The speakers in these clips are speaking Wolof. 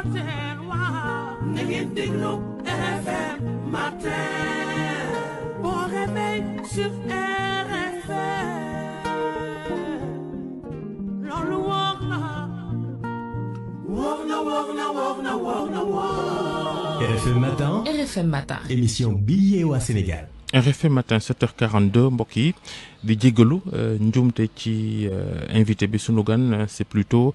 Matin waaw na ngeen déglu RFM matin bon réveil sur RFM loolu wóor na wóor na wóor na wóor na na RFM matin RFM matin émission Billet au Sénégal RFM matin 7h42 mbokk di djegelu euh, njuumte ci euh, invité bi sunu gan c'est plutôt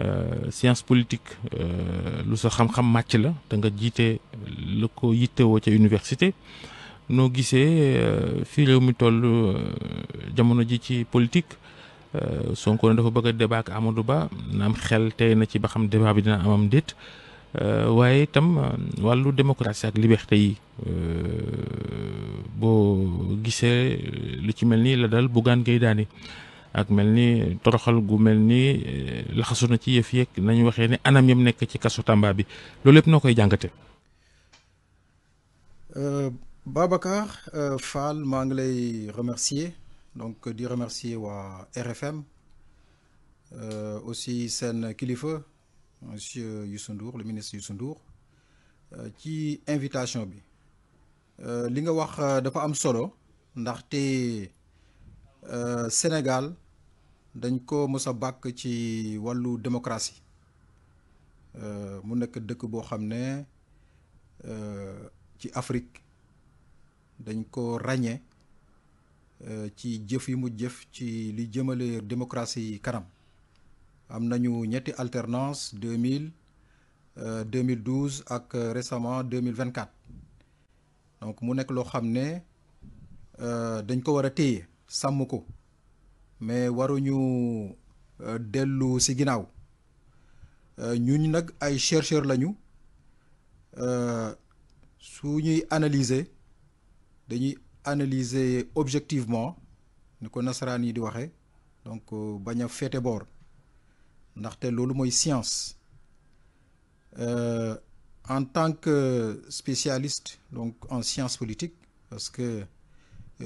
Euh, science politique euh, lu sa xam-xam màcc la da nga jiite la ko yittewoo ca université noo gisee euh, fii réew mi toll jamono ji ci politique Sonko ne dafa bëgg a débat ak Amadou Ba naam xel tey na ci ba xam débat bi dina amam déet waaye itam wàllu démocratie ak liberté yi boo gisee lu ci mel nii la dal Bougane Gueye Dany ak melni toroxal gu melni ni eh, xassuna ci yef yek nañu waxé ne anam yam nek ci kasso Tamba bi loolu yëpp noo koy jàngate euh, Babacar euh, Fall maa ngi lay remercier donc di remercier wa RFM euh, aussi sen kilifa monsieur Youssou Ndour le ministre Youssou Ndour euh, ci invitation bi euh, li nga wax dafa am solo ndax té euh, Sénégal dañ ko mës a bàkk ci wàllu démocratie euh, mu nekk dëkk boo xam ne euh, ci Afrique dañ ko ràññee euh, ci jëf yi mu jëf ci li jëmale démocratie kanam am nañu ñetti alternance deux mille deux mille douze ak récemment deux mille vingt quatre donc mu nekk loo xam ne dañ ko war a téye sàmm ko. mais waruñu euh, delu si ginaaw euh, ñuñ nak ay chercheurs lañu euh, su ñuy analyser dañuy analyser objectivement ne ko nasaraan di waxe donc baña fété bor ndax té lolu moy science en tant que spécialiste donc en sciences politiques parce que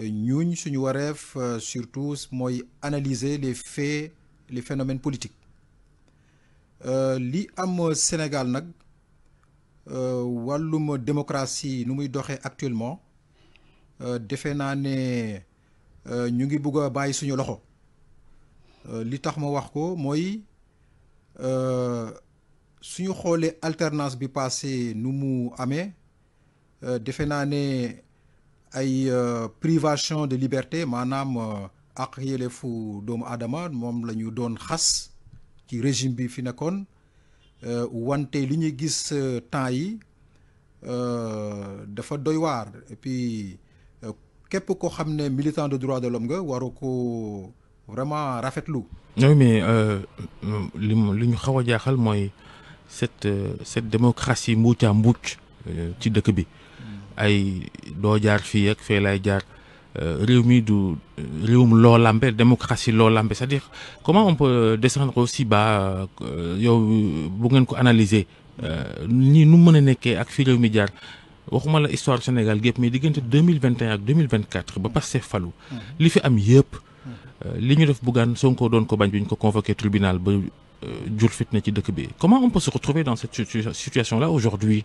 nous, suñu euh, surtout moy analyser les faits les phénomènes politiques euh, li am Sénégal nag euh, walum démocratie nu muy doxé actuellement defe naa ñu ngi bëgg baay suñu loxo li tax ma wax ko alternance bi passé nous mu amé ay euh, privation de liberté maanaam ak euh, yelleefu doomu aadama moom la ñu doon xas ci régime bi fi nekkoon euh wanté ñuy gis euh, temps yi euh dafa doy war et puis képp ko xamné militant de droit de l'homme nga waru ko vraiment rafetlu. oui mais euh liñu ñu xaw moy cette cette démocratie mbuucaa mbouch ci dëkk bi ay do jaar fi ak fe lay jaar euh, réew mi du réewum lo lambe démocratie lo lambe cest dire comment on peut descendre aussi bas euh, yow bu ngeen ko analyser euh, ni nu mën a ak fi réew mi jaar waxuma la histoire Sénégal gep mi diggante 2021 ak 2024 ba passé falu mmh. li fi am yépp mmh. li ñu def bu gan Sonko doon ko bañ bi ñu ko convoquer tribunal ba jur fitna ci dëkk bi comment on peut se retrouver dans cette situation là aujourd'hui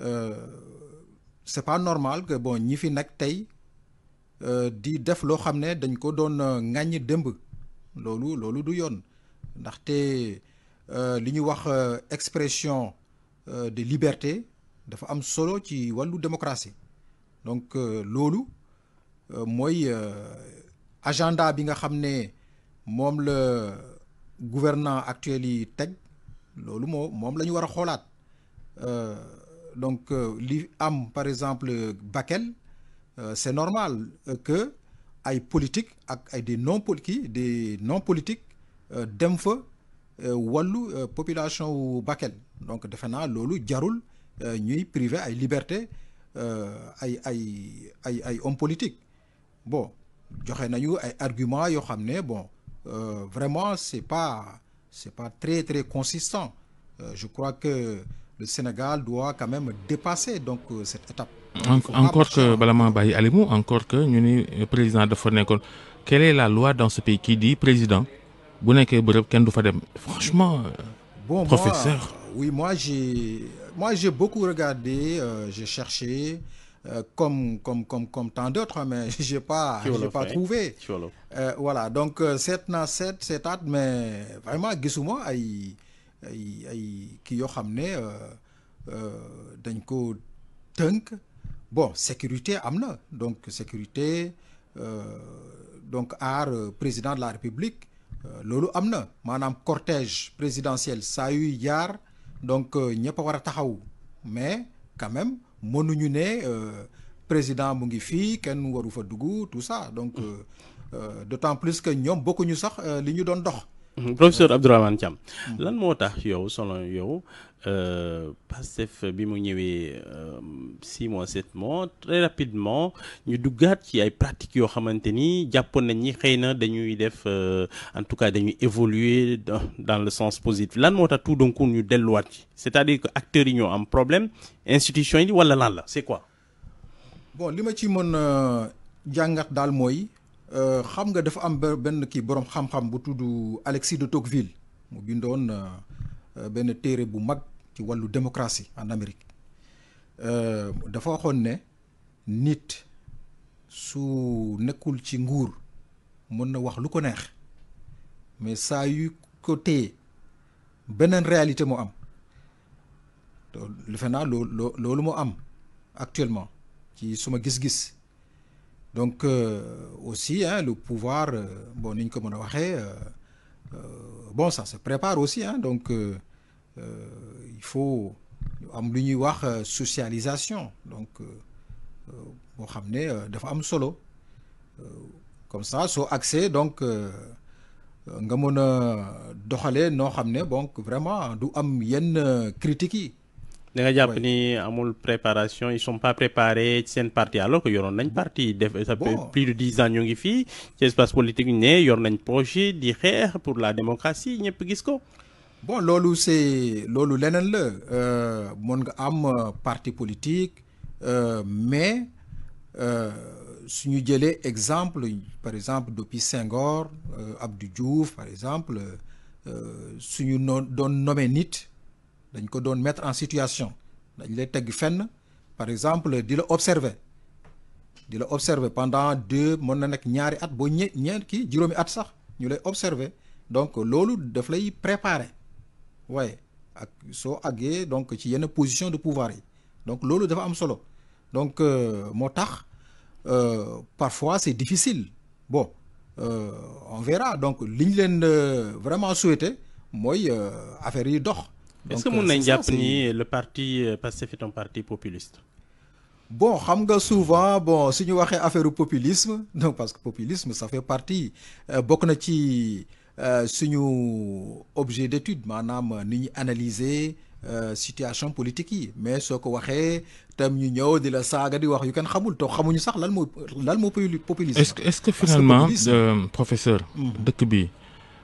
Euh, c'est pas normal que bon ñi fi tay euh di def lo xamné ne dañ ko doon euh, ŋàññ demb lolu lolu du yoon ndaxte euh, li ñuy wax expression de liberté dafa am solo ci walu démocratie donc loolu moi agenda bi nga xamné mom le gouvernant actuel yi teg loolu moo moom la donc euh, am par exemple Bakel euh, c'est normal euh, que ay politique ak ay des non politiques des non politiques dem fa walu population ou Bakel donc defena lolu jarul ñuy privé ay liberté ay ay ay ay politique bon joxé nañu ay argument à xamné bon vraiment c'est pas c'est pas très très consistant je crois que le Sénégal doit quand même dépasser donc euh, cette étape. encore que Balama Baye Alimou, encore que ñu euh, président de nekkoon quelle est la loi dans ce pays qui dit président franchement. Euh, bon professeur oui moi j'ai moi j'ai beaucoup regardé j'ai cherché comme comme comme comme tant d'autres hein, mais j'ai pas pas trouvé. voilà donc cette cette, cette étape, mais vraiment moi, ay qui ay amené xamné euh euh dañ bon sécurité amna donc sécurité euh, donc ar euh, président de la république euh, loolu am madame cortège présidentiel ça y yar donc n'y a pas de taxaw mais quand même né euh président mu ngi fi ken waru fa fait, tout ça donc d'autant plus que nous, beaucoup ñu sax li ñu doon dox. Mhm. professeur Abdourahmane Thiam lan yow selon yow euh, bi euh, six mois 7 mois très rapidement ñu duggaat ci ay pratiques ni nañ ñi xeyna euh, en tout cas évoluer dans le sens positif lan tout donc coup ñu c'est-à-dire que acteurs am problème institution yi wala lan c'est quoi bon li Euh, xam nga dafa am benn kii borom xam-xam bu tudd Alexis de Tocqueville mu bindoon euh, euh, benn téere bu mag ci wàllu démocratie en Amérique dafa waxoon ne nit su nekkul ci nguur mën na wax lu ko neex mais saa yu ko téye beneen réalité mu am defe naa loo loolu moo am actuellement ci suma gis-gis. donc euh, aussi hein, le pouvoir euh, bon euh, bon ça se prépare aussi hein. donc il faut am socialisation donc on ramener ne des femmes solo comme ça sur accès donc nga donc vraiment du am da nga ni amul préparation ils sont pas préparés ci sen parti alors qu'ils ont un parti def ça fait plus de 10 ans ñu ngi fi ci espace politique Ils yor un projet di pour la démocratie gis ko bon lolo c'est ça le ça mon nga am euh, parti politique euh, mais si euh, suñu jëlé exemple par exemple depuis Senghor Abdou Diouf par exemple suñu nous donnons nommé nit dañ ko doon mettre en situation dañ lay teg fenn par exemple di la observer di la observer pendant deux mën na nekk ñaari at bo ñe ñeent kii juróomi at sax ñu lay observer donc loolu daf lay préparer waaye ak soo àggee donc ci yenn position de pouvoir yi donc loolu dafa am solo donc euh, moo tax euh, parfois c'est difficile bon euh, on verra donc liñ ñu leen vraiment souhaité mooy affaire yi dox. Est-ce que euh, le parti euh, passé est un parti populiste Bon, souvent bon nous affaire populisme donc parce que populisme ça fait partie euh, euh objet d'étude nous ni situation politique mais soko waxé la saga populisme Est-ce que finalement de, professeur mm-hmm.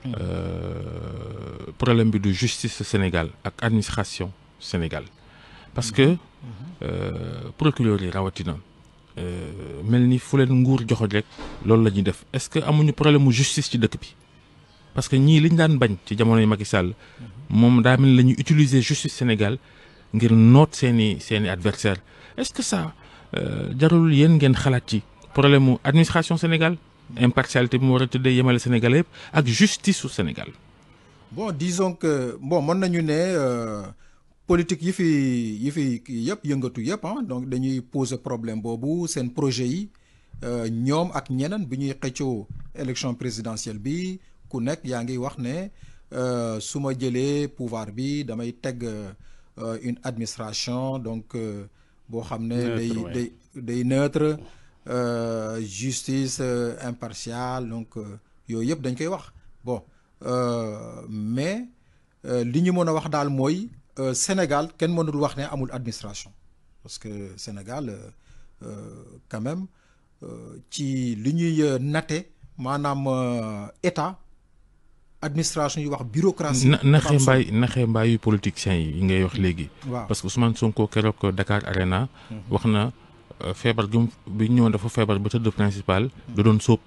Mmh. Euh, problème bi du justice Sénégal ak administration Sénégal parce mmh. que mmh. Euh, procureur yi rawatina euh, mel ni fu leen nguur joxoj rek loolu la ñuy def est-ce que amuñu problème mu justice ci dëkk bi parce que ñii liñ daan bañ ci jamono yi Macky Sall moom la ñuy utiliser justice Sénégal ngir noot seeni seeni adversaire est-ce que ça jarul yéen ngeen xalaat ci problème mu administration Sénégal impartialité bi mu war Sénégalais yëpp ak justice au Sénégal. bon disons que bon mën nañu euh, politique yi fi yi fi yëpp yëngatu yëpp ah donc dañuy poser problème boobu seen projet yi euh, ñoom ak ñeneen bi ñuy xëccoo élection présidentielle bi ku nekk yaa ngi wax ne euh, su ma jëlee pouvoir bi damay teg euh, une administration donc bo, xam ne. day day day neutre. Euh, justice euh, impartiale donc euh, yooyu yëpp dañ koy wax bon mais li ñu dans le wax daal mooy Sénégal ken mënul wax né amul administration parce que Sénégal quand même ci li naté, manam maanaam état administration yu wax bureaucratie. na naxee mbaay naxee politiciens yi ngay wax légui parce que Ousmane Sonko kérok Dakar Arena. Mhm. wax Euh, feebar gi bi ñëwoon dafa feebar ba tëdd principal. du doon sóob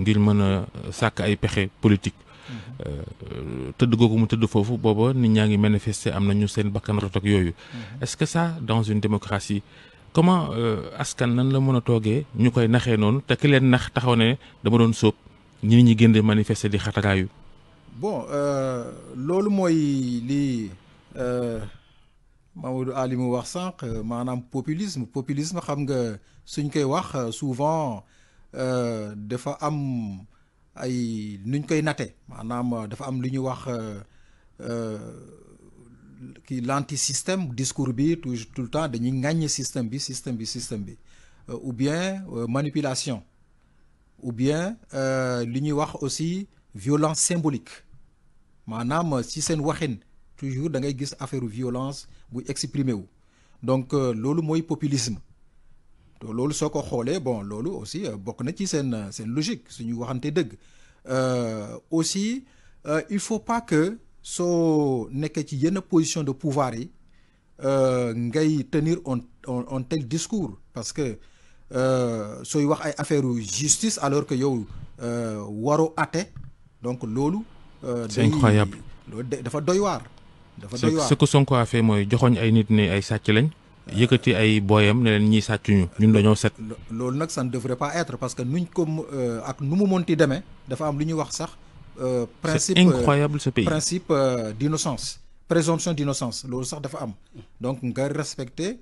ngir mën a sàkk ay pexe politique. Euh, tëdd googu mu tëdd foofu booba nit ñaa ngi manifester am na ñu seen bakkan rot yooyu. est-ce que ça dans une démocratie comment euh, askan nan la mën a toogee ñu koy naxee noonu te ki leen nax taxaw ne dama doon sóob ñi ñi génn manifester di xataraayu. bon loolu mooy lii Mamadou Ali mu wax sànq euh, maanaam populisme populisme xam nga suñ koy wax euh, souvent euh, dafa am ay nuñ koy naté manam dafa am liñu ñuy wax qui l'anti-système discours bi tout, tout le temps dañuy ŋàññ système bi système bi système bi ou bien manipulation ou bien euh liñu wax aussi violence symbolique manam si sen waxine toujours da ngay gis affaire violence buy exprimer wu donc euh, loolu mooy populisme te loolu soo ko xoolee bon loolu aussi euh, bokk na ci seen euh, seen logique suñu waxante dëgg aussi il faut pas que soo nekkee ci yenn position de pouvoir yi ngay tenir en un tel discours parce que sooy wax ay affaire justice alors que yow waro àtte donc loolu. c'est incroyable dafa doy waar ce que Sonko a fait mooy joxoñ ay nit ni ay sàcc lañ. yëkkati ay boyam ne len ñi sàcc ñu ñun dañu set. loolu nak ça ne devrait pas être parce que nuñ ko euh, ak nu mu monti démé dafa am luñu wax sax. Euh, principe incroyable ce euh, pays principe d'innocence présomption d'innocence loolu sax dafa am. donc nga respecter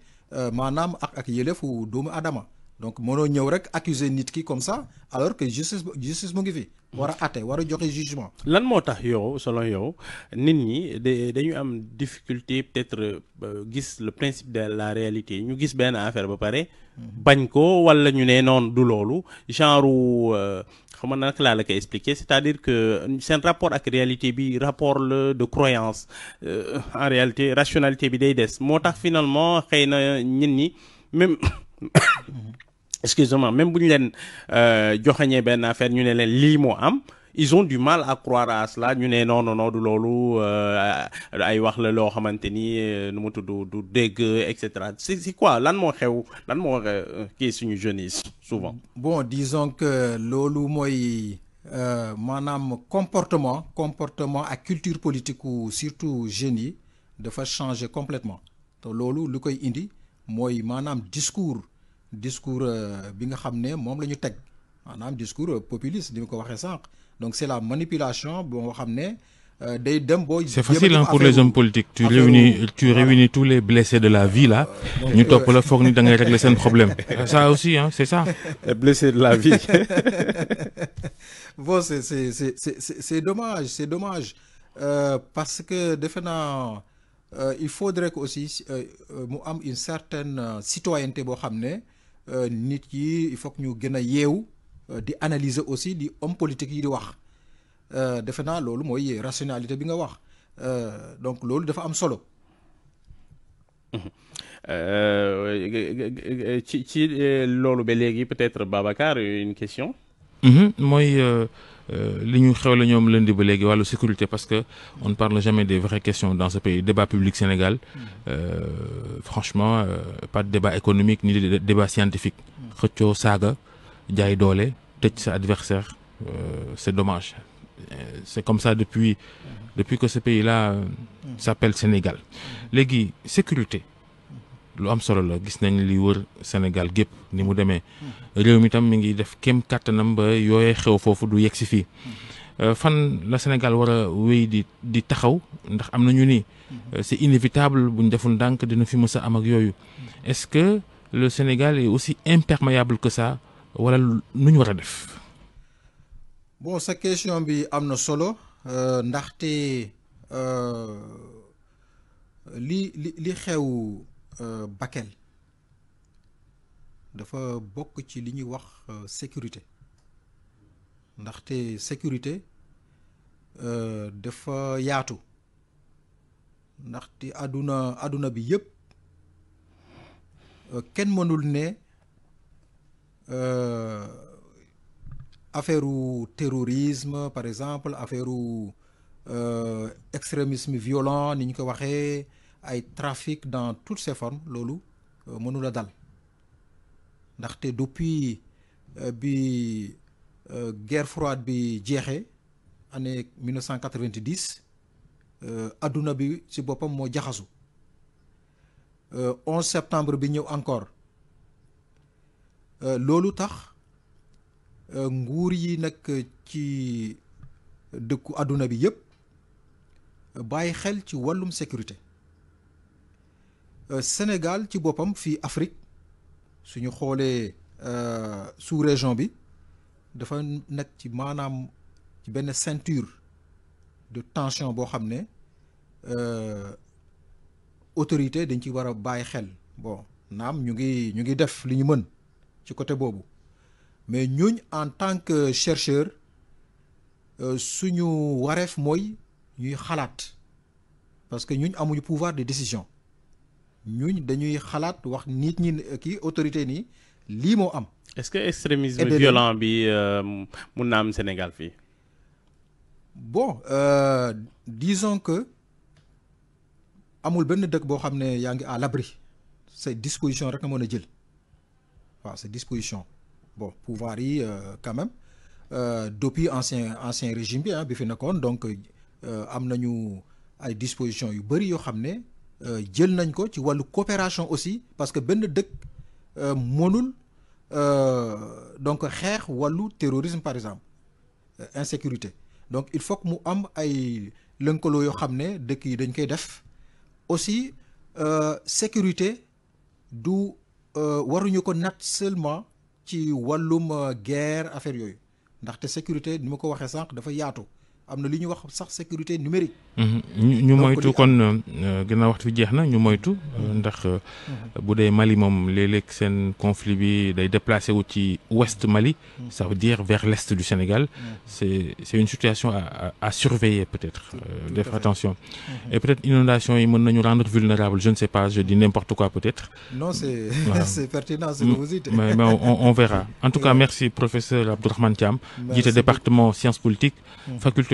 manam ak ak yëlefu doomu adama donc mono ñëw rek accuser nit ki comme ça alors que justice justice mo ngi fi wara até wara joxe jugement. lan yow selon yow nit ñi dañu am difficulté peut-être euh, gis le principe de la réalité ñu gis bien affaire ba vous bagn ko wala ñu né non du lolu genre euh, xam nga la la expliquer c'est-à-dire que c'est euh, un rapport avec réalité bi rapport le de croyance en réalité rationalité bi day des moo finalement xeyna nit ñi même. Mm-hmm excusez-moi même si ñu leen euh, joxañee benn affaire ñu ne am ils ont du mal à croire à cela ñu ne non non non du lolo, euh, ay wax la loo xamante ni euh, nu mu du etc. c'est c'est quoi lan l'un xew lan qui est suñu jeunesse souvent. bon disons que loolu euh, maanaam comportement comportement à culture politique ou surtout génie de faire changer complètement Lolo, loolu lu koy indi mooy maanaam discours discours euh, bi discours euh, populiste donc c'est la manipulation bo xamné euh, c'est facile hein, pour les hommes politiques tu réunis tu réunis tous les blessés de la vie là nous top la fournir da régler problème ça aussi hein c'est ça. les blessés de la vie. c'est dommage c'est dommage parce que de il faudrait aussi une certaine citoyenneté pour ramener. Euh, nit yi il faut que ñu gën yewu euh, di analyser aussi di homme politique yi di wax euh defena lolu moy rationalité bi nga wax euh, donc lolu dafa am solo. ci ci lolu ba légui peut-être Babacar une question. Mhm, moi euh, li ñu xewle sécurité parce que on ne parle jamais des vraies questions dans ce pays débat public Sénégal euh, franchement euh, pas de débat économique ni de débat scientifique adversaire c'est dommage c'est comme ça depuis depuis que ce pays là s'appelle Sénégal Légui, sécurité lu am solo la gis nañ li wër Sénégal gépp ni mu demee réew mi tam mi ngi def kem kàttanam ba yooyee xew foofu du yegg si fii euh, fan la Sénégal war a wéy di di taxaw ndax am na ñu ni euh, c'est inévitable bu ñu deful ndànk dina fi mës a am ak yooyu est-ce que le Sénégal est aussi imperméable que ça wala nu ñu war a def. bon sa question bi am na solo euh, ndaxte li li li xew. Euh, Bakel dafa bok ci li ñuy wax euh, sécurité ndaxte sécurité euh, dafa yaatu ndaxte aduna, aduna bi yépp kenn mënul ne affaire au terrorisme par exemple affaire u extrémisme violent ni ñu ko waxee ay trafic dans toutes ses formes lolo, euh, mënu la dal depuis euh, bi euh, guerre froide bi jeexee année 1990 aduna bi ci bopam mo Le 11 septembre bi encore loolu tax nguur yi nak ci deku aduna bi yépp baye xel ci walum sécurité euh, Sénégal ci bopam fi Afrique suñu euh sous région bi dafa nek ci manam ci ben ceinture de tension bo xamné euh autorité dañ ci wara a xel bon nam ñu ngi ñu ngi def li ñu mën ci côté bobu mais ñuñ en tant que chercheur euh, suñu wareef moy ñuy xalat parce que ñuñ amuñu pouvoir de décision ñuñ dañuy xalaat wax nit ñi ki autorité ni lii moo am. est-ce que extrémisme violent bi euh, mun na am Sénégal fii. bon euh, disons que amul benn dëkk boo xam ne ngi à l'abri Ces disposition rek nga mën a jël waaw disposition bon pouvoir yi euh, quand même euh, depuis ancien ancien régime bi ah bi fi nekkoon donc euh, am nañu ay dispositions yu bari yoo xam ne. Euh, jël nañ ko ci wàllu coopération aussi parce que benn dëkk euh, mënul euh, donc xeex wàllu terrorisme par exemple insécurité donc il faut que mu am ay lënkaloo yoo xam ne dëkk yi dañ koy def aussi sécurité du waruñu ko nat seulement ci wàllum guerre affaire yooyu ndaxte sécurité ni ma ko waxee sànq dafa yaatu am na sécurité numérique. Mhm. Euh, Mali conflit bi day déplacé wu ouest Mali. Mhm. ça veut dire vers l'est du Sénégal. Mhm. c'est une situation à surveiller peut-être. Euh, attention et peut-être inondation yi mën nañu rendre vulnérable je ne sais pas je dis n'importe quoi peut-être. non c'est pertinent on verra en tout cas merci professeur Abdourahmane Thiam. département sciences politiques faculté.